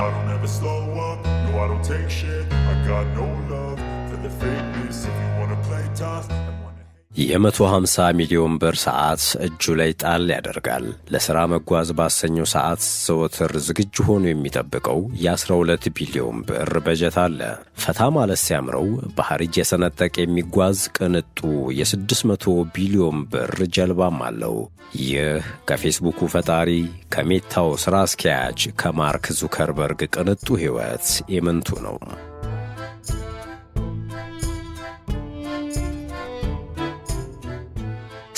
I don't ever slow up, no I don't take shit I got no love for the fakeness If you wanna play tough የ150 ሚሊዮን ብር ሰዓት እጁ ላይ ጣል ያደርጋል። ለሥራ መጓዝ ባሰኘው ሰዓት ዘወትር ዝግጁ ሆኖ የሚጠብቀው የ12 ቢሊዮን ብር በጀት አለ። ፈታ ማለት ሲያምረው ባህር እየሰነጠቀ የሚጓዝ ቅንጡ የ600 ቢሊዮን ብር ጀልባም አለው። ይህ ከፌስቡኩ ፈጣሪ ከሜታው ሥራ አስኪያጅ ከማርክ ዙከርበርግ ቅንጡ ሕይወት የምንቱ ነው።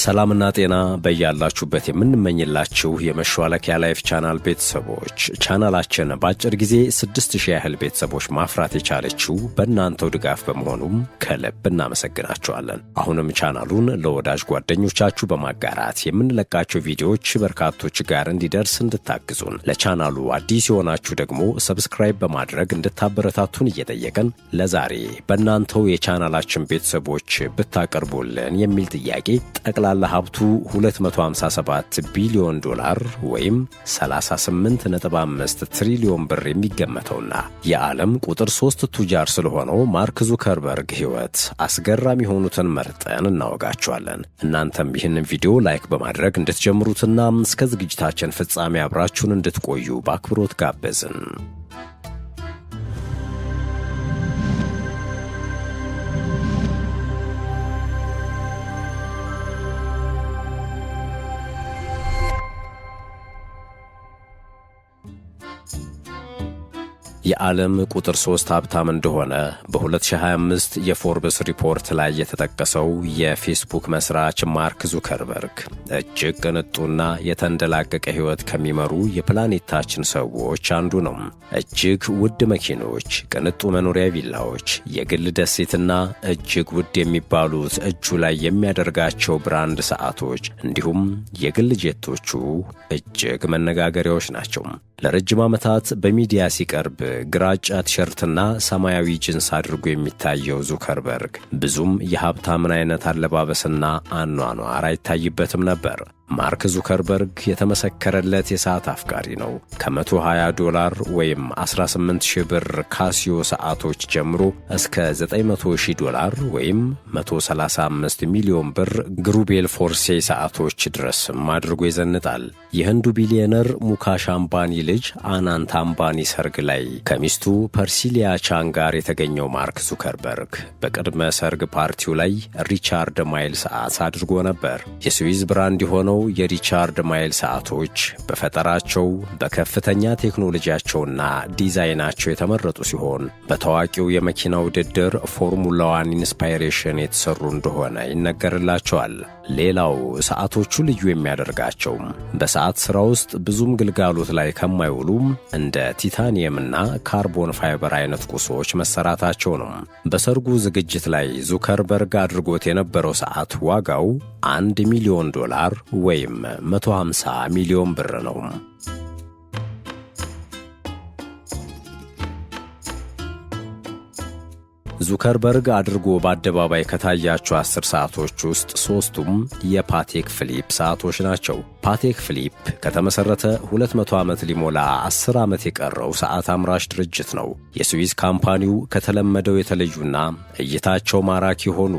ሰላምና ጤና በያላችሁበት የምንመኝላችሁ የመሿለኪያ ላይፍ ቻናል ቤተሰቦች ቻናላችን በአጭር ጊዜ ስድስት ያህል ቤተሰቦች ማፍራት የቻለችው በእናንተው ድጋፍ በመሆኑም ከልብ እናመሰግናችኋለን። አሁንም ቻናሉን ለወዳጅ ጓደኞቻችሁ በማጋራት የምንለቃቸው ቪዲዮዎች በርካቶች ጋር እንዲደርስ እንድታግዙን፣ ለቻናሉ አዲስ የሆናችሁ ደግሞ ሰብስክራይብ በማድረግ እንድታበረታቱን እየጠየቀን ለዛሬ በእናንተው የቻናላችን ቤተሰቦች ብታቀርቡልን የሚል ጥያቄ ጠቅላ ጠቅላላ ሀብቱ 257 ቢሊዮን ዶላር ወይም 38.5 ትሪሊዮን ብር የሚገመተውና የዓለም ቁጥር ሶስት ቱጃር ስለሆነው ማርክ ዙከርበርግ ሕይወት አስገራሚ የሆኑትን መርጠን እናወጋችኋለን። እናንተም ይህንን ቪዲዮ ላይክ በማድረግ እንድትጀምሩትና እስከ ዝግጅታችን ፍጻሜ አብራችሁን እንድትቆዩ በአክብሮት ጋበዝን። የዓለም ቁጥር ሶስት ሀብታም እንደሆነ በ2025 የፎርብስ ሪፖርት ላይ የተጠቀሰው የፌስቡክ መስራች ማርክ ዙከርበርግ እጅግ ቅንጡና የተንደላቀቀ ሕይወት ከሚመሩ የፕላኔታችን ሰዎች አንዱ ነው። እጅግ ውድ መኪኖች፣ ቅንጡ መኖሪያ ቪላዎች፣ የግል ደሴትና እጅግ ውድ የሚባሉት እጁ ላይ የሚያደርጋቸው ብራንድ ሰዓቶች እንዲሁም የግል ጄቶቹ እጅግ መነጋገሪያዎች ናቸው። ለረጅም ዓመታት በሚዲያ ሲቀርብ ግራጫ ቲሸርትና ሰማያዊ ጅንስ አድርጎ የሚታየው ዙከርበርግ ብዙም የሀብታምን አይነት አለባበስና አኗኗር አይታይበትም ነበር። ማርክ ዙከርበርግ የተመሰከረለት የሰዓት አፍቃሪ ነው። ከ120 ዶላር ወይም 18000 ብር ካሲዮ ሰዓቶች ጀምሮ እስከ 900000 ዶላር ወይም 135 ሚሊዮን ብር ግሩቤል ፎርሴ ሰዓቶች ድረስም አድርጎ ይዘንጣል። የህንዱ ቢሊዮነር ሙካሽ አምባኒ ልጅ አናንት አምባኒ ሰርግ ላይ ከሚስቱ ፐርሲሊያ ቻን ጋር የተገኘው ማርክ ዙከርበርግ በቅድመ ሰርግ ፓርቲው ላይ ሪቻርድ ማይል ሰዓት አድርጎ ነበር። የስዊዝ ብራንድ የሆነው የሪቻርድ ማይል ሰዓቶች በፈጠራቸው በከፍተኛ ቴክኖሎጂያቸውና ዲዛይናቸው የተመረጡ ሲሆን በታዋቂው የመኪና ውድድር ፎርሙላ ዋን ኢንስፓይሬሽን የተሰሩ እንደሆነ ይነገርላቸዋል። ሌላው ሰዓቶቹ ልዩ የሚያደርጋቸው በሰዓት ሥራ ውስጥ ብዙም ግልጋሎት ላይ ከማይውሉም እንደ ቲታኒየምና ካርቦን ፋይበር አይነት ቁሶች መሰራታቸው ነው። በሰርጉ ዝግጅት ላይ ዙከርበርግ አድርጎት የነበረው ሰዓት ዋጋው 1 ሚሊዮን ዶላር ወይም 150 ሚሊዮን ብር ነው። ዙከርበርግ አድርጎ በአደባባይ ከታያቸው አስር ሰዓቶች ውስጥ ሦስቱም የፓቴክ ፊሊፕ ሰዓቶች ናቸው። ፓቴክ ፊሊፕ ከተመሠረተ 200 ዓመት ሊሞላ 10 ዓመት የቀረው ሰዓት አምራች ድርጅት ነው። የስዊዝ ካምፓኒው ከተለመደው የተለዩና እይታቸው ማራኪ የሆኑ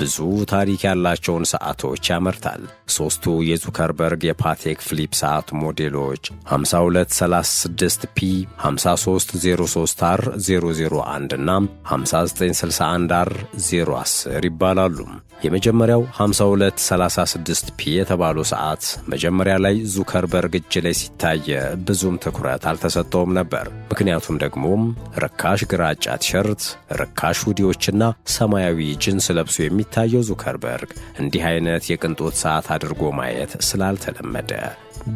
ብዙ ታሪክ ያላቸውን ሰዓቶች ያመርታል። ሦስቱ የዙከርበርግ የፓቴክ ፊሊፕ ሰዓት ሞዴሎች 5236 ፒ፣ 5303 አር 001 እና 5961 አር 010 ይባላሉ። የመጀመሪያው 5236 ፒ የተባለው ሰዓት መጀመሪያ ላይ ዙከርበርግ እጅ ላይ ሲታየ ብዙም ትኩረት አልተሰጠውም ነበር። ምክንያቱም ደግሞ ርካሽ ግራጫ ቲሸርት፣ ርካሽ ሁዲዎችና ሰማያዊ ጅንስ ለብሶ የሚታየው ዙከርበርግ እንዲህ አይነት የቅንጦት ሰዓት አድርጎ ማየት ስላልተለመደ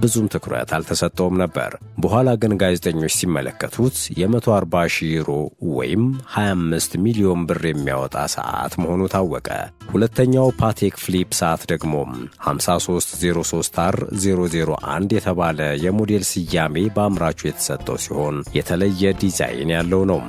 ብዙም ትኩረት አልተሰጠውም ነበር። በኋላ ግን ጋዜጠኞች ሲመለከቱት የ140 ዩሮ ወይም 25 ሚሊዮን ብር የሚያወጣ ሰዓት መሆኑ ታወቀ። ሁለተኛው ፓቴክ ፊሊፕ ሰዓት ደግሞ 53034 አር 001 የተባለ የሞዴል ስያሜ በአምራቹ የተሰጠው ሲሆን የተለየ ዲዛይን ያለው ነው።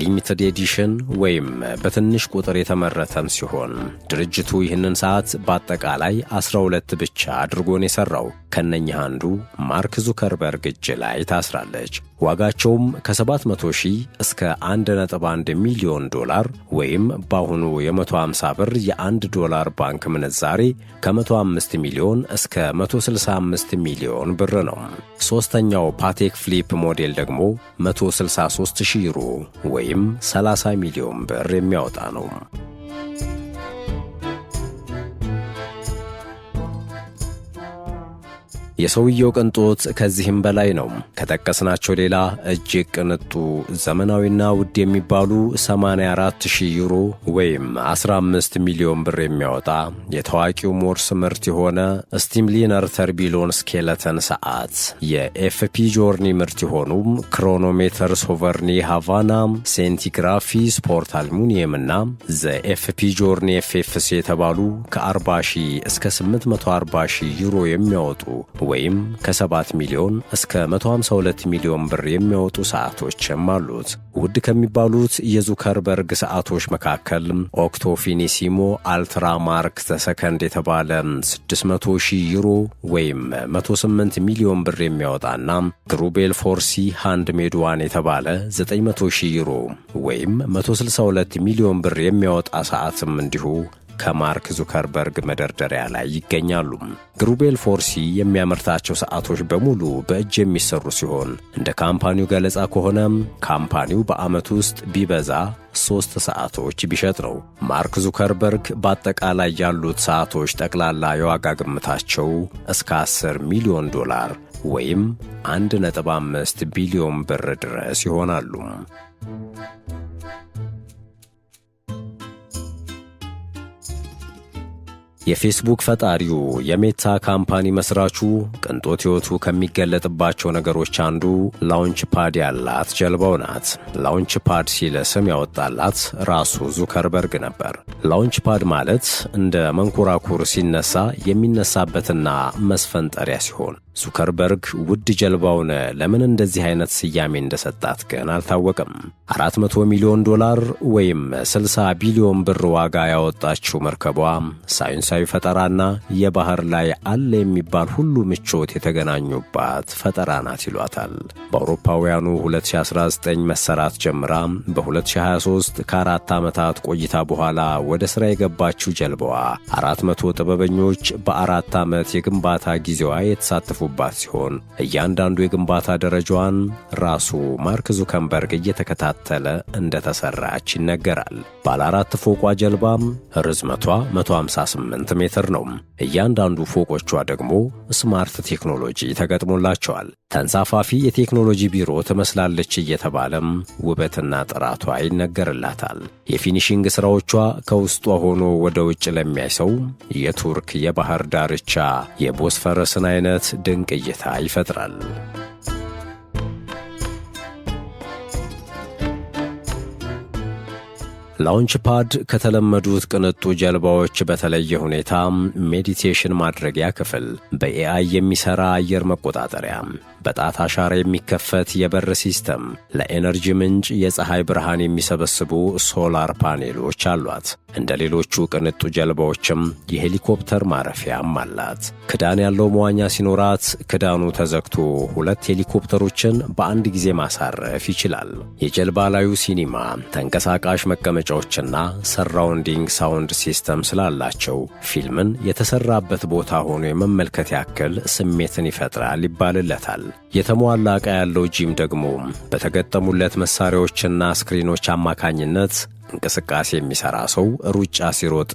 ሊሚትድ ኤዲሽን ወይም በትንሽ ቁጥር የተመረተም ሲሆን ድርጅቱ ይህንን ሰዓት በአጠቃላይ 12 ብቻ አድርጎን የሠራው ከነኚህ አንዱ ማርክ ዙከርበርግ እጅ ላይ ታስራለች። ዋጋቸውም ከ700 ሺህ እስከ 1.1 ሚሊዮን ዶላር ወይም በአሁኑ የ150 ብር የ1 ዶላር ባንክ ምንዛሬ ከ105 ሚሊዮን እስከ 165 ሚሊዮን ብር ነው። ሦስተኛው ፓቴክ ፍሊፕ ሞዴል ደግሞ 163 ሺህ ዩሮ ወይም 30 ሚሊዮን ብር የሚያወጣ ነው። የሰውየው ቅንጦት ከዚህም በላይ ነው። ከጠቀስናቸው ሌላ እጅግ ቅንጡ ዘመናዊና ውድ የሚባሉ 84000 ዩሮ ወይም 15 ሚሊዮን ብር የሚያወጣ የታዋቂው ሞርስ ምርት የሆነ ስቲምሊነር ተርቢሎን ስኬለተን ሰዓት፣ የኤፍፒ ጆርኒ ምርት የሆኑም ክሮኖሜተር፣ ሶቨርኒ ሃቫና፣ ሴንቲግራፊ ስፖርት አልሙኒየም እና ዘኤፍፒ ጆርኒ ኤፍኤፍሲ የተባሉ ከ40 ሺህ እስከ 840 ሺህ ዩሮ የሚያወጡ ወይም ከ7 ሚሊዮን እስከ 152 ሚሊዮን ብር የሚያወጡ ሰዓቶችም አሉት። ውድ ከሚባሉት የዙከርበርግ ሰዓቶች መካከል ኦክቶ ፊኒሲሞ አልትራ ማርክ ተሰከንድ የተባለ 600 ሺህ ዩሮ ወይም 108 ሚሊዮን ብር የሚያወጣና ግሩቤል ፎርሲ ሃንድ ሜድዋን የተባለ 900 ሺህ ዩሮ ወይም 162 ሚሊዮን ብር የሚያወጣ ሰዓትም እንዲሁ ከማርክ ዙከርበርግ መደርደሪያ ላይ ይገኛሉ። ግሩቤል ፎርሲ የሚያመርታቸው ሰዓቶች በሙሉ በእጅ የሚሰሩ ሲሆን እንደ ካምፓኒው ገለጻ ከሆነም ካምፓኒው በዓመት ውስጥ ቢበዛ ሶስት ሰዓቶች ቢሸጥ ነው። ማርክ ዙከርበርግ በአጠቃላይ ያሉት ሰዓቶች ጠቅላላ የዋጋ ግምታቸው እስከ 10 ሚሊዮን ዶላር ወይም 1.5 ቢሊዮን ብር ድረስ ይሆናሉ። የፌስቡክ ፈጣሪው የሜታ ካምፓኒ መስራቹ ቅንጦት ሕይወቱ ከሚገለጥባቸው ነገሮች አንዱ ላውንች ፓድ ያላት ጀልባው ናት። ላውንች ፓድ ሲለ ስም ያወጣላት ራሱ ዙከርበርግ ነበር። ላውንች ፓድ ማለት እንደ መንኮራኩር ሲነሳ የሚነሳበትና መስፈንጠሪያ ሲሆን ዙከርበርግ ውድ ጀልባውን ለምን እንደዚህ አይነት ስያሜ እንደሰጣት ግን አልታወቅም። 400 ሚሊዮን ዶላር ወይም 60 ቢሊዮን ብር ዋጋ ያወጣችው መርከቧ ሳይንሳዊ ፈጠራና የባህር ላይ አለ የሚባል ሁሉ ምቾት የተገናኙባት ፈጠራ ናት ይሏታል። በአውሮፓውያኑ 2019 መሰራት ጀምራ በ2023 ከአራት ዓመታት ቆይታ በኋላ ወደ ሥራ የገባችው ጀልባዋ 400 ጥበበኞች በአራት ዓመት የግንባታ ጊዜዋ የተሳተፉ የተዘረጉባት ሲሆን እያንዳንዱ የግንባታ ደረጃዋን ራሱ ማርክ ዙከንበርግ እየተከታተለ እንደተሰራች ይነገራል። ባለ አራት ፎቋ ጀልባም ርዝመቷ 158 ሜትር ነው። እያንዳንዱ ፎቆቿ ደግሞ ስማርት ቴክኖሎጂ ተገጥሞላቸዋል። ተንሳፋፊ የቴክኖሎጂ ቢሮ ትመስላለች እየተባለም ውበትና ጥራቷ ይነገርላታል። የፊኒሽንግ ሥራዎቿ ከውስጧ ሆኖ ወደ ውጭ ለሚያይ ሰው የቱርክ የባህር ዳርቻ የቦስፈረስን አይነት ድንቅ እይታ ይፈጥራል። ላውንች ፓድ ከተለመዱት ቅንጡ ጀልባዎች በተለየ ሁኔታ ሜዲቴሽን ማድረጊያ ክፍል፣ በኤአይ የሚሰራ አየር መቆጣጠሪያ፣ በጣት አሻራ የሚከፈት የበር ሲስተም፣ ለኤነርጂ ምንጭ የፀሐይ ብርሃን የሚሰበስቡ ሶላር ፓኔሎች አሏት። እንደ ሌሎቹ ቅንጡ ጀልባዎችም የሄሊኮፕተር ማረፊያም አላት። ክዳን ያለው መዋኛ ሲኖራት ክዳኑ ተዘግቶ ሁለት ሄሊኮፕተሮችን በአንድ ጊዜ ማሳረፍ ይችላል። የጀልባ ላዩ ሲኒማ፣ ተንቀሳቃሽ መቀመጫዎችና ሰራውንዲንግ ሳውንድ ሲስተም ስላላቸው ፊልምን የተሰራበት ቦታ ሆኖ የመመልከት ያክል ስሜትን ይፈጥራል ይባልለታል። የተሟላ ዕቃ ያለው ጂም ደግሞ በተገጠሙለት መሳሪያዎችና ስክሪኖች አማካኝነት እንቅስቃሴ የሚሰራ ሰው ሩጫ ሲሮጥ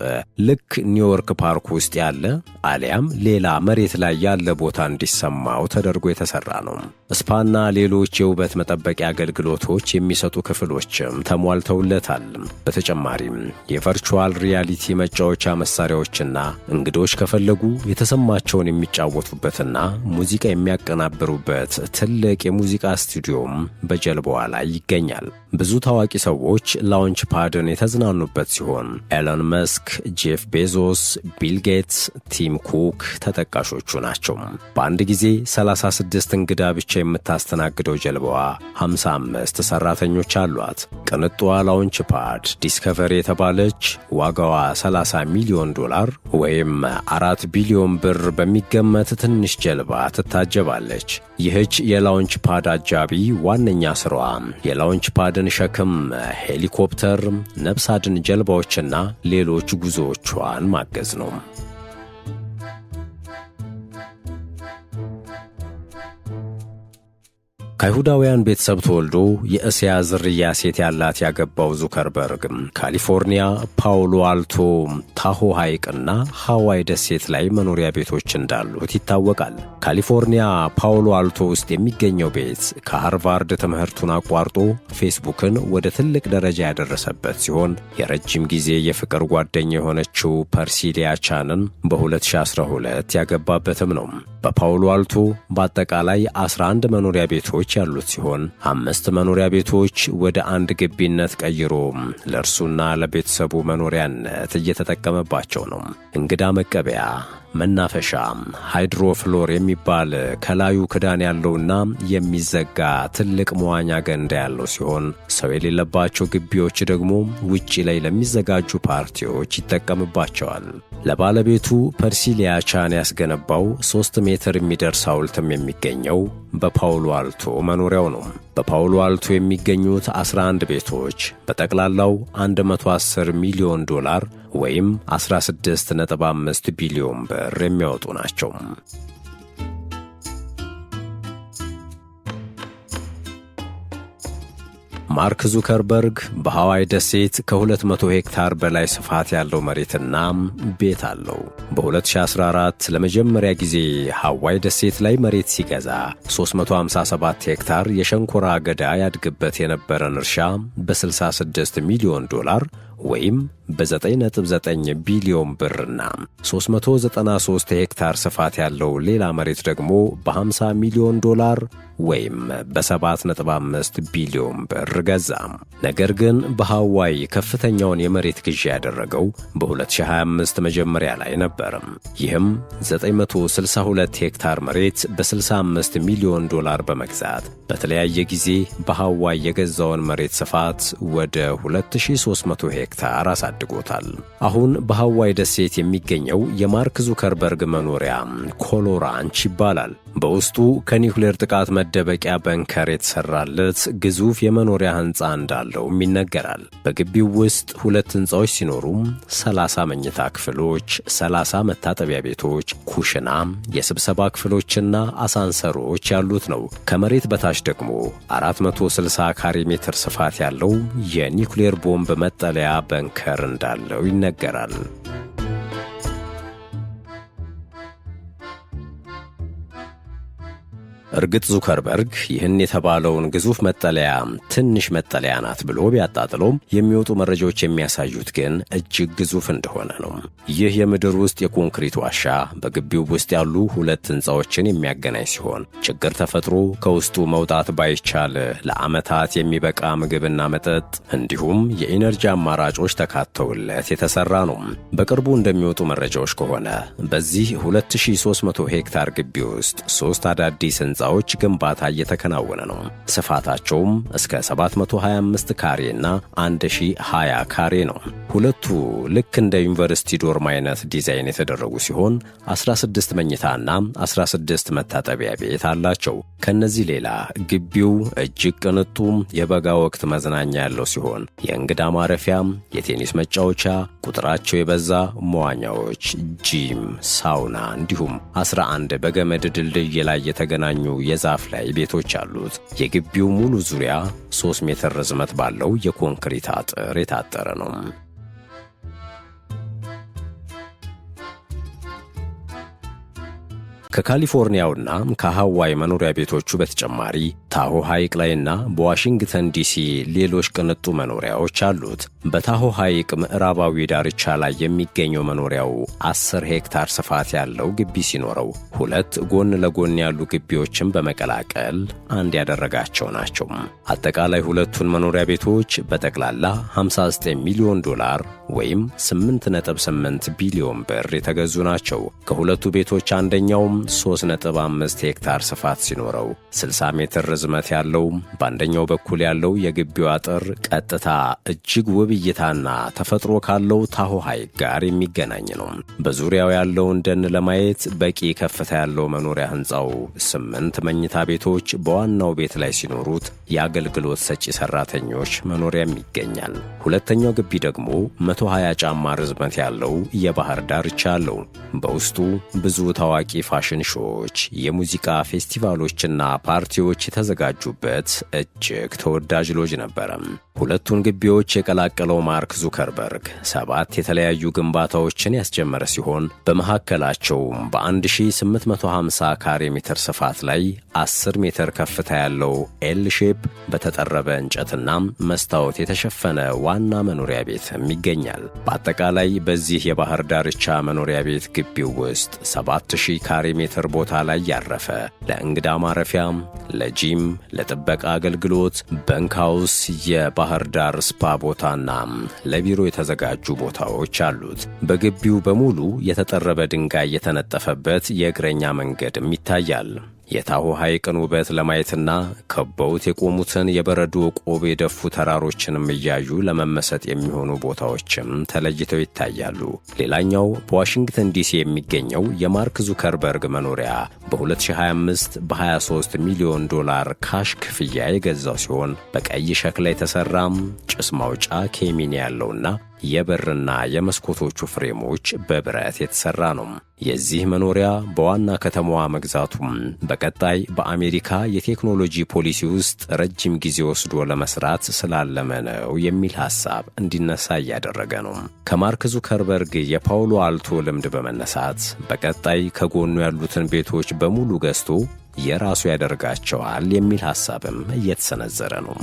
ልክ ኒውዮርክ ፓርክ ውስጥ ያለ አሊያም ሌላ መሬት ላይ ያለ ቦታ እንዲሰማው ተደርጎ የተሰራ ነው። ስፓና ሌሎች የውበት መጠበቂያ አገልግሎቶች የሚሰጡ ክፍሎችም ተሟልተውለታል። በተጨማሪም የቨርቹዋል ሪያሊቲ መጫወቻ መሳሪያዎችና እንግዶች ከፈለጉ የተሰማቸውን የሚጫወቱበትና ሙዚቃ የሚያቀናብሩበት ትልቅ የሙዚቃ ስቱዲዮም በጀልባዋ ላይ ይገኛል። ብዙ ታዋቂ ሰዎች ላውንች ፓ ባይደን የተዝናኑበት ሲሆን ኤለን መስክ፣ ጄፍ ቤዞስ፣ ቢል ጌትስ፣ ቲም ኩክ ተጠቃሾቹ ናቸው። በአንድ ጊዜ 36 እንግዳ ብቻ የምታስተናግደው ጀልባዋ 55 ሰራተኞች አሏት። ቅንጧ ላውንች ፓድ ዲስከቨሪ የተባለች ዋጋዋ 30 ሚሊዮን ዶላር ወይም አራት ቢሊዮን ብር በሚገመት ትንሽ ጀልባ ትታጀባለች። ይህች የላውንች ፓድ አጃቢ ዋነኛ ስራዋ የላውንች ፓድን ሸክም ሄሊኮፕተር ነፍስ አድን ጀልባዎችና ሌሎች ጉዞዎቿን ማገዝ ነው። ከይሁዳውያን ቤተሰብ ተወልዶ የእስያ ዝርያ ሴት ያላት ያገባው ዙከርበርግ ካሊፎርኒያ ፓውሎ አልቶ ታሆ ሐይቅና ሐዋይ ደሴት ላይ መኖሪያ ቤቶች እንዳሉት ይታወቃል። ካሊፎርኒያ ፓውሎ አልቶ ውስጥ የሚገኘው ቤት ከሃርቫርድ ትምህርቱን አቋርጦ ፌስቡክን ወደ ትልቅ ደረጃ ያደረሰበት ሲሆን የረጅም ጊዜ የፍቅር ጓደኛ የሆነችው ፐርሲሊያ ቻንን በ2012 ያገባበትም ነው። በፓውሎ አልቶ በአጠቃላይ 11 መኖሪያ ቤቶች ክፍሎች ያሉት ሲሆን አምስት መኖሪያ ቤቶች ወደ አንድ ግቢነት ቀይሮ ለእርሱና ለቤተሰቡ መኖሪያነት እየተጠቀመባቸው ነው። እንግዳ መቀበያ መናፈሻ ሃይድሮፍሎር የሚባል ከላዩ ክዳን ያለውና የሚዘጋ ትልቅ መዋኛ ገንዳ ያለው ሲሆን ሰው የሌለባቸው ግቢዎች ደግሞ ውጪ ላይ ለሚዘጋጁ ፓርቲዎች ይጠቀምባቸዋል። ለባለቤቱ ፐርሲሊያ ቻን ያስገነባው 3 ሜትር የሚደርስ ሐውልትም የሚገኘው በፓውሎ አልቶ መኖሪያው ነው። በፓውሎ አልቶ የሚገኙት 11 ቤቶች በጠቅላላው 110 ሚሊዮን ዶላር ወይም 16.5 ቢሊዮን ብር የሚያወጡ ናቸው። ማርክ ዙከርበርግ በሐዋይ ደሴት ከ200 ሄክታር በላይ ስፋት ያለው መሬትና ቤት አለው። በ2014 ለመጀመሪያ ጊዜ ሐዋይ ደሴት ላይ መሬት ሲገዛ 357 ሄክታር የሸንኮራ አገዳ ያድግበት የነበረን እርሻ በ66 ሚሊዮን ዶላር ወይም በ9.9 ቢሊዮን ብርና 393 ሄክታር ስፋት ያለው ሌላ መሬት ደግሞ በ50 ሚሊዮን ዶላር ወይም በ7.5 ቢሊዮን ብር ገዛ። ነገር ግን በሐዋይ ከፍተኛውን የመሬት ግዢ ያደረገው በ2025 መጀመሪያ ላይ ነበር። ይህም 962 ሄክታር መሬት በ65 ሚሊዮን ዶላር በመግዛት በተለያየ ጊዜ በሐዋይ የገዛውን መሬት ስፋት ወደ 2300 ሄክታር ሄክታር አሳድጎታል። አሁን በሃዋይ ደሴት የሚገኘው የማርክ ዙከርበርግ መኖሪያ ኮሎራንች ይባላል። በውስጡ ከኒውክሌር ጥቃት መደበቂያ በንከር የተሰራለት ግዙፍ የመኖሪያ ሕንፃ እንዳለውም ይነገራል። በግቢው ውስጥ ሁለት ሕንፃዎች ሲኖሩም 30 መኝታ ክፍሎች፣ 30 መታጠቢያ ቤቶች፣ ኩሽናም፣ የስብሰባ ክፍሎችና አሳንሰሮች ያሉት ነው። ከመሬት በታች ደግሞ 460 ካሬ ሜትር ስፋት ያለው የኒውክሌር ቦምብ መጠለያ በንከር እንዳለው ይነገራል። እርግጥ ዙከርበርግ ይህን የተባለውን ግዙፍ መጠለያ ትንሽ መጠለያ ናት ብሎ ቢያጣጥለውም የሚወጡ መረጃዎች የሚያሳዩት ግን እጅግ ግዙፍ እንደሆነ ነው። ይህ የምድር ውስጥ የኮንክሪት ዋሻ በግቢው ውስጥ ያሉ ሁለት ሕንፃዎችን የሚያገናኝ ሲሆን ችግር ተፈጥሮ ከውስጡ መውጣት ባይቻል ለዓመታት የሚበቃ ምግብና መጠጥ እንዲሁም የኢነርጂ አማራጮች ተካተውለት የተሰራ ነው። በቅርቡ እንደሚወጡ መረጃዎች ከሆነ በዚህ 2300 ሄክታር ግቢ ውስጥ ሶስት አዳዲስ ሕንፃ ሕንፃዎች ግንባታ እየተከናወነ ነው። ስፋታቸውም እስከ 725 ካሬ እና 1020 ካሬ ነው። ሁለቱ ልክ እንደ ዩኒቨርሲቲ ዶርም አይነት ዲዛይን የተደረጉ ሲሆን 16 መኝታና 16 መታጠቢያ ቤት አላቸው። ከነዚህ ሌላ ግቢው እጅግ ቅንጡ የበጋ ወቅት መዝናኛ ያለው ሲሆን የእንግዳ ማረፊያም፣ የቴኒስ መጫወቻ፣ ቁጥራቸው የበዛ መዋኛዎች፣ ጂም፣ ሳውና እንዲሁም 11 በገመድ ድልድይ ላይ የተገናኙ የዛፍ ላይ ቤቶች አሉት። የግቢው ሙሉ ዙሪያ 3 ሜትር ርዝመት ባለው የኮንክሪት አጥር የታጠረ ነው። ከካሊፎርኒያውና ከሃዋይ መኖሪያ ቤቶቹ በተጨማሪ ታሆ ሐይቅ ላይና በዋሽንግተን ዲሲ ሌሎች ቅንጡ መኖሪያዎች አሉት። በታሆ ሐይቅ ምዕራባዊ ዳርቻ ላይ የሚገኘው መኖሪያው 10 ሄክታር ስፋት ያለው ግቢ ሲኖረው ሁለት ጎን ለጎን ያሉ ግቢዎችን በመቀላቀል አንድ ያደረጋቸው ናቸው። አጠቃላይ ሁለቱን መኖሪያ ቤቶች በጠቅላላ 59 ሚሊዮን ዶላር ወይም 8.8 ቢሊዮን ብር የተገዙ ናቸው። ከሁለቱ ቤቶች አንደኛውም 3.5 ሄክታር ስፋት ሲኖረው 60 ሜትር ርዝመት ያለው በአንደኛው በኩል ያለው የግቢው አጥር ቀጥታ እጅግ ውብ እይታና ተፈጥሮ ካለው ታሆ ሐይቅ ጋር የሚገናኝ ነው። በዙሪያው ያለውን ደን ለማየት በቂ ከፍታ ያለው መኖሪያ ሕንፃው ስምንት መኝታ ቤቶች በዋናው ቤት ላይ ሲኖሩት የአገልግሎት ሰጪ ሰራተኞች መኖሪያም ይገኛል። ሁለተኛው ግቢ ደግሞ 120 ጫማ ርዝመት ያለው የባህር ዳርቻ አለው። በውስጡ ብዙ ታዋቂ ፋሽን ፋሽን ሾዎች፣ የሙዚቃ ፌስቲቫሎችና ፓርቲዎች የተዘጋጁበት እጅግ ተወዳጅ ሎጅ ነበረም። ሁለቱን ግቢዎች የቀላቀለው ማርክ ዙከርበርግ ሰባት የተለያዩ ግንባታዎችን ያስጀመረ ሲሆን በመካከላቸውም በ1850 ካሬ ሜትር ስፋት ላይ 10 ሜትር ከፍታ ያለው ኤል ሼፕ በተጠረበ እንጨትና መስታወት የተሸፈነ ዋና መኖሪያ ቤትም ይገኛል። በአጠቃላይ በዚህ የባህር ዳርቻ መኖሪያ ቤት ግቢው ውስጥ 7000 ካሬ ሜትር ቦታ ላይ ያረፈ ለእንግዳ ማረፊያም፣ ለጂም፣ ለጥበቃ አገልግሎት በንካውስ የባህር ዳር ስፓ ቦታና ለቢሮ የተዘጋጁ ቦታዎች አሉት። በግቢው በሙሉ የተጠረበ ድንጋይ የተነጠፈበት የእግረኛ መንገድም ይታያል። የታሆ ሐይቅን ውበት ለማየትና ከበውት የቆሙትን የበረዶ ቆብ የደፉ ተራሮችንም እያዩ ለመመሰጥ የሚሆኑ ቦታዎችም ተለይተው ይታያሉ። ሌላኛው በዋሽንግተን ዲሲ የሚገኘው የማርክ ዙከርበርግ መኖሪያ በ2025 በ23 ሚሊዮን ዶላር ካሽ ክፍያ የገዛው ሲሆን በቀይ ሸክላ የተሰራም ጭስ ማውጫ ኬሚን ያለውና የበርና የመስኮቶቹ ፍሬሞች በብረት የተሰራ ነው። የዚህ መኖሪያ በዋና ከተማዋ መግዛቱም በቀጣይ በአሜሪካ የቴክኖሎጂ ፖሊሲ ውስጥ ረጅም ጊዜ ወስዶ ለመስራት ስላለመ ነው የሚል ሐሳብ እንዲነሳ እያደረገ ነው። ከማርክ ዙከርበርግ የፓውሎ አልቶ ልምድ በመነሳት በቀጣይ ከጎኑ ያሉትን ቤቶች በሙሉ ገዝቶ የራሱ ያደርጋቸዋል የሚል ሐሳብም እየተሰነዘረ ነው።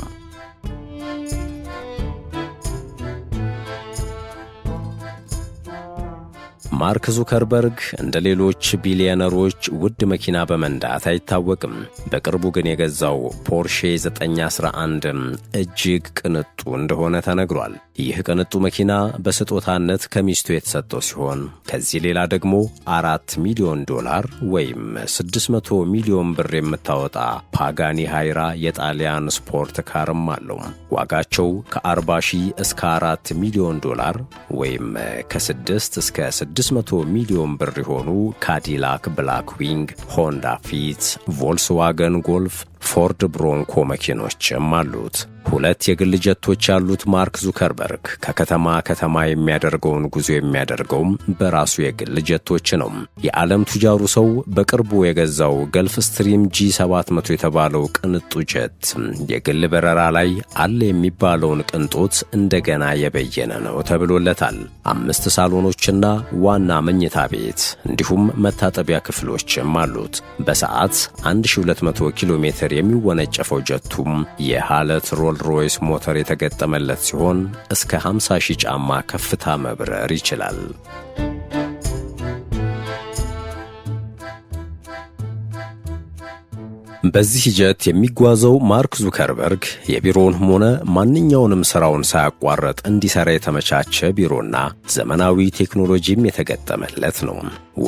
ማርክ ዙከርበርግ እንደ ሌሎች ቢሊዮነሮች ውድ መኪና በመንዳት አይታወቅም። በቅርቡ ግን የገዛው ፖርሼ 911 እጅግ ቅንጡ እንደሆነ ተነግሯል። ይህ ቅንጡ መኪና በስጦታነት ከሚስቱ የተሰጠው ሲሆን ከዚህ ሌላ ደግሞ አራት ሚሊዮን ዶላር ወይም 600 ሚሊዮን ብር የምታወጣ ፓጋኒ ሃይራ የጣሊያን ስፖርት ካርም አለው። ዋጋቸው ከ40 ሺህ እስከ 4 ሚሊዮን ዶላር ወይም ከ6 እስከ 600 ሚሊዮን ብር የሆኑ ካዲላክ ብላክ ዊንግ፣ ሆንዳ ፊት፣ ቮልስዋገን ጎልፍ ፎርድ ብሮንኮ መኪኖችም አሉት። ሁለት የግል ጀቶች ያሉት ማርክ ዙከርበርግ ከከተማ ከተማ የሚያደርገውን ጉዞ የሚያደርገውም በራሱ የግል ጀቶች ነው። የዓለም ቱጃሩ ሰው በቅርቡ የገዛው ገልፍ ስትሪም ጂ 700 የተባለው ቅንጡ ጀት የግል በረራ ላይ አለ የሚባለውን ቅንጦት እንደገና የበየነ ነው ተብሎለታል። አምስት ሳሎኖችና ዋና መኝታ ቤት እንዲሁም መታጠቢያ ክፍሎችም አሉት። በሰዓት 1200 ኪሎ ሜትር አየር የሚወነጨፈው ጀቱም የሃለት ሮል ሮይስ ሞተር የተገጠመለት ሲሆን እስከ 50 ሺህ ጫማ ከፍታ መብረር ይችላል። በዚህ ጀት የሚጓዘው ማርክ ዙከርበርግ የቢሮውንም ሆነ ማንኛውንም ሥራውን ሳያቋረጥ እንዲሠራ የተመቻቸ ቢሮና ዘመናዊ ቴክኖሎጂም የተገጠመለት ነው።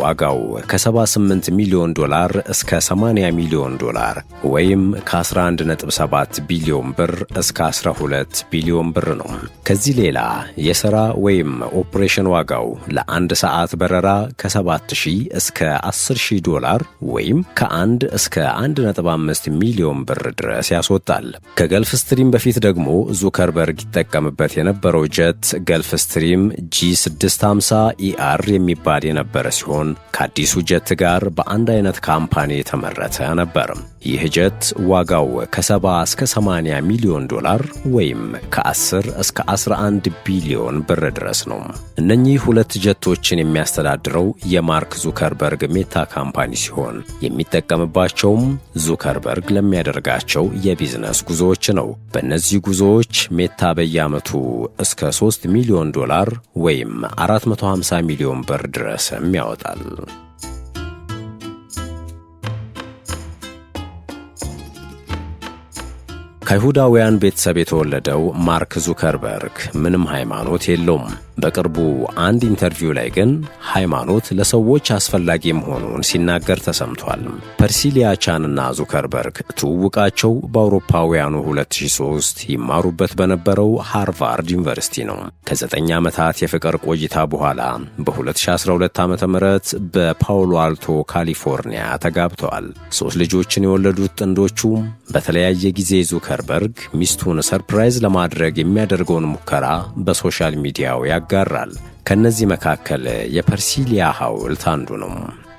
ዋጋው ከ78 ሚሊዮን ዶላር እስከ 80 ሚሊዮን ዶላር ወይም ከ11.7 ቢሊዮን ብር እስከ 12 ቢሊዮን ብር ነው። ከዚህ ሌላ የሥራ ወይም ኦፕሬሽን ዋጋው ለአንድ ሰዓት በረራ ከ7000 እስከ 10000 ዶላር ወይም ከ1 እስከ 1.5 ሚሊዮን ብር ድረስ ያስወጣል። ከገልፍ ስትሪም በፊት ደግሞ ዙከርበርግ ይጠቀምበት የነበረው ጀት ገልፍ ስትሪም ጂ650 ኢአር e የሚባል የነበረ ሲሆን ሲሆን ከአዲሱ ጀት ጋር በአንድ አይነት ካምፓኒ የተመረተ ነበር። ይህ ጀት ዋጋው ከ70 እስከ 80 ሚሊዮን ዶላር ወይም ከ10 እስከ 11 ቢሊዮን ብር ድረስ ነው። እነኚህ ሁለት ጀቶችን የሚያስተዳድረው የማርክ ዙከርበርግ ሜታ ካምፓኒ ሲሆን የሚጠቀምባቸውም ዙከርበርግ ለሚያደርጋቸው የቢዝነስ ጉዞዎች ነው። በእነዚህ ጉዞዎች ሜታ በየዓመቱ እስከ 3 ሚሊዮን ዶላር ወይም 450 ሚሊዮን ብር ድረስ የሚያወጣ tal. ከአይሁዳውያን ቤተሰብ የተወለደው ማርክ ዙከርበርግ ምንም ሃይማኖት የለውም። በቅርቡ አንድ ኢንተርቪው ላይ ግን ሃይማኖት ለሰዎች አስፈላጊ መሆኑን ሲናገር ተሰምቷል። ፐርሲሊያ ቻንና ዙከርበርግ ትውውቃቸው በአውሮፓውያኑ 2003 ይማሩበት በነበረው ሃርቫርድ ዩኒቨርሲቲ ነው። ከዘጠኝ ዓመታት የፍቅር ቆይታ በኋላ በ2012 ዓ ም በፓውሎ አልቶ ካሊፎርኒያ ተጋብተዋል። ሦስት ልጆችን የወለዱት ጥንዶቹ በተለያየ ጊዜ ዙከር ዘከርበርግ ሚስቱን ሰርፕራይዝ ለማድረግ የሚያደርገውን ሙከራ በሶሻል ሚዲያው ያጋራል። ከእነዚህ መካከል የፐርሲሊያ ሐውልት አንዱ ነው።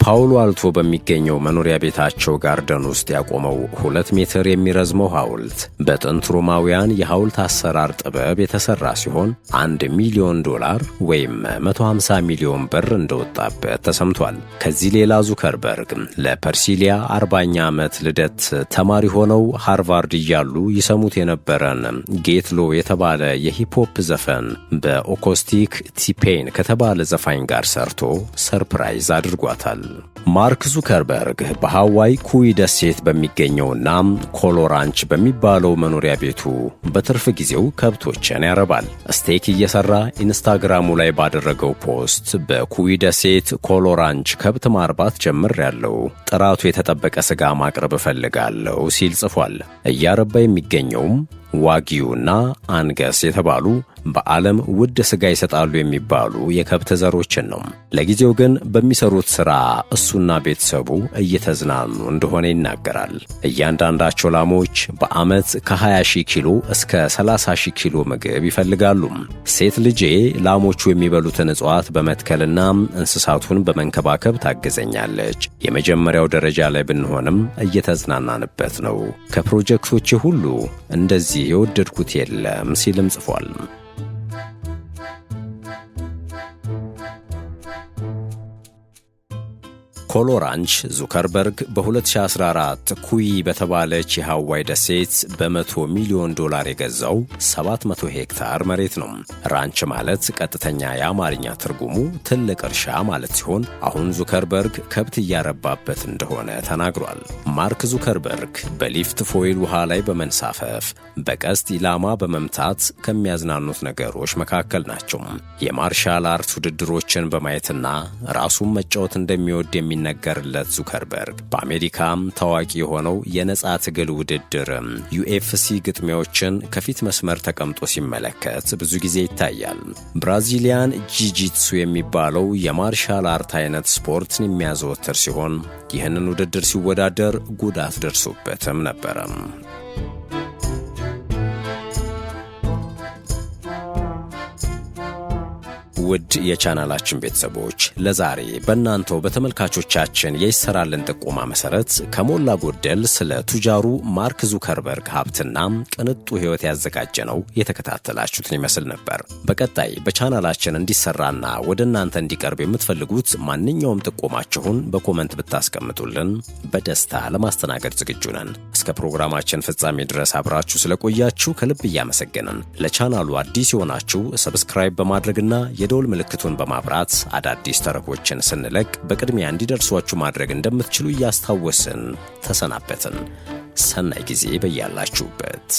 ፓውሎ አልቶ በሚገኘው መኖሪያ ቤታቸው ጋርደን ውስጥ ያቆመው ሁለት ሜትር የሚረዝመው ሐውልት በጥንት ሮማውያን የሐውልት አሰራር ጥበብ የተሠራ ሲሆን አንድ ሚሊዮን ዶላር ወይም 150 ሚሊዮን ብር እንደወጣበት ተሰምቷል። ከዚህ ሌላ ዙከርበርግ ለፐርሲሊያ አርባኛ ዓመት ልደት ተማሪ ሆነው ሃርቫርድ እያሉ ይሰሙት የነበረን ጌትሎ የተባለ የሂፕሆፕ ዘፈን በኦኮስቲክ ቲፔን ከተባለ ዘፋኝ ጋር ሰርቶ ሰርፕራይዝ አድርጓታል። ማርክ ዙከርበርግ በሐዋይ ኩዊ ደሴት በሚገኘውና ኮሎራንች በሚባለው መኖሪያ ቤቱ በትርፍ ጊዜው ከብቶችን ያረባል። ስቴክ እየሰራ ኢንስታግራሙ ላይ ባደረገው ፖስት በኩዊ ደሴት ኮሎራንች ከብት ማርባት ጀምር ያለው ጥራቱ የተጠበቀ ሥጋ ማቅረብ እፈልጋለሁ ሲል ጽፏል። እያረባ የሚገኘውም ዋጊዩና አንገስ የተባሉ በዓለም ውድ ሥጋ ይሰጣሉ የሚባሉ የከብት ዘሮችን ነው። ለጊዜው ግን በሚሰሩት ሥራ እሱና ቤተሰቡ እየተዝናኑ እንደሆነ ይናገራል። እያንዳንዳቸው ላሞች በዓመት ከ20 ሺህ ኪሎ እስከ 30 ሺህ ኪሎ ምግብ ይፈልጋሉ። ሴት ልጄ ላሞቹ የሚበሉትን እጽዋት በመትከልና እንስሳቱን በመንከባከብ ታግዘኛለች። የመጀመሪያው ደረጃ ላይ ብንሆንም እየተዝናናንበት ነው። ከፕሮጀክቶቼ ሁሉ እንደዚህ የወደድኩት የለም ሲልም ጽፏል። ኮሎራንች ዙከርበርግ በ2014 ኩይ በተባለች የሃዋይ ደሴት በ100 ሚሊዮን ዶላር የገዛው 700 ሄክታር መሬት ነው። ራንች ማለት ቀጥተኛ የአማርኛ ትርጉሙ ትልቅ እርሻ ማለት ሲሆን አሁን ዙከርበርግ ከብት እያረባበት እንደሆነ ተናግሯል። ማርክ ዙከርበርግ በሊፍት ፎይል ውሃ ላይ በመንሳፈፍ በቀስት ኢላማ በመምታት ከሚያዝናኑት ነገሮች መካከል ናቸው። የማርሻል አርት ውድድሮችን በማየትና ራሱን መጫወት እንደሚወድ የሚ የሚነገርለት ዙከርበርግ በአሜሪካም ታዋቂ የሆነው የነፃ ትግል ውድድር ዩኤፍሲ ግጥሚያዎችን ከፊት መስመር ተቀምጦ ሲመለከት ብዙ ጊዜ ይታያል። ብራዚሊያን ጂጂትሱ የሚባለው የማርሻል አርት አይነት ስፖርትን የሚያዘወትር ሲሆን ይህንን ውድድር ሲወዳደር ጉዳት ደርሶበትም ነበረም። ውድ የቻናላችን ቤተሰቦች ለዛሬ በእናንተው በተመልካቾቻችን የይሰራልን ጥቆማ መሰረት ከሞላ ጎደል ስለ ቱጃሩ ማርክ ዙከርበርግ ሀብትና ቅንጡ ህይወት ያዘጋጀ ነው የተከታተላችሁትን ይመስል ነበር። በቀጣይ በቻናላችን እንዲሰራና ወደ እናንተ እንዲቀርብ የምትፈልጉት ማንኛውም ጥቆማችሁን በኮመንት ብታስቀምጡልን በደስታ ለማስተናገድ ዝግጁ ነን። እስከ ፕሮግራማችን ፍጻሜ ድረስ አብራችሁ ስለቆያችሁ ከልብ እያመሰገንን ለቻናሉ አዲስ የሆናችሁ ሰብስክራይብ በማድረግና የደወል ምልክቱን በማብራት አዳዲስ ተረኮችን ስንለቅ በቅድሚያ እንዲደርሷችሁ ማድረግ እንደምትችሉ እያስታወስን ተሰናበትን። ሰናይ ጊዜ በያላችሁበት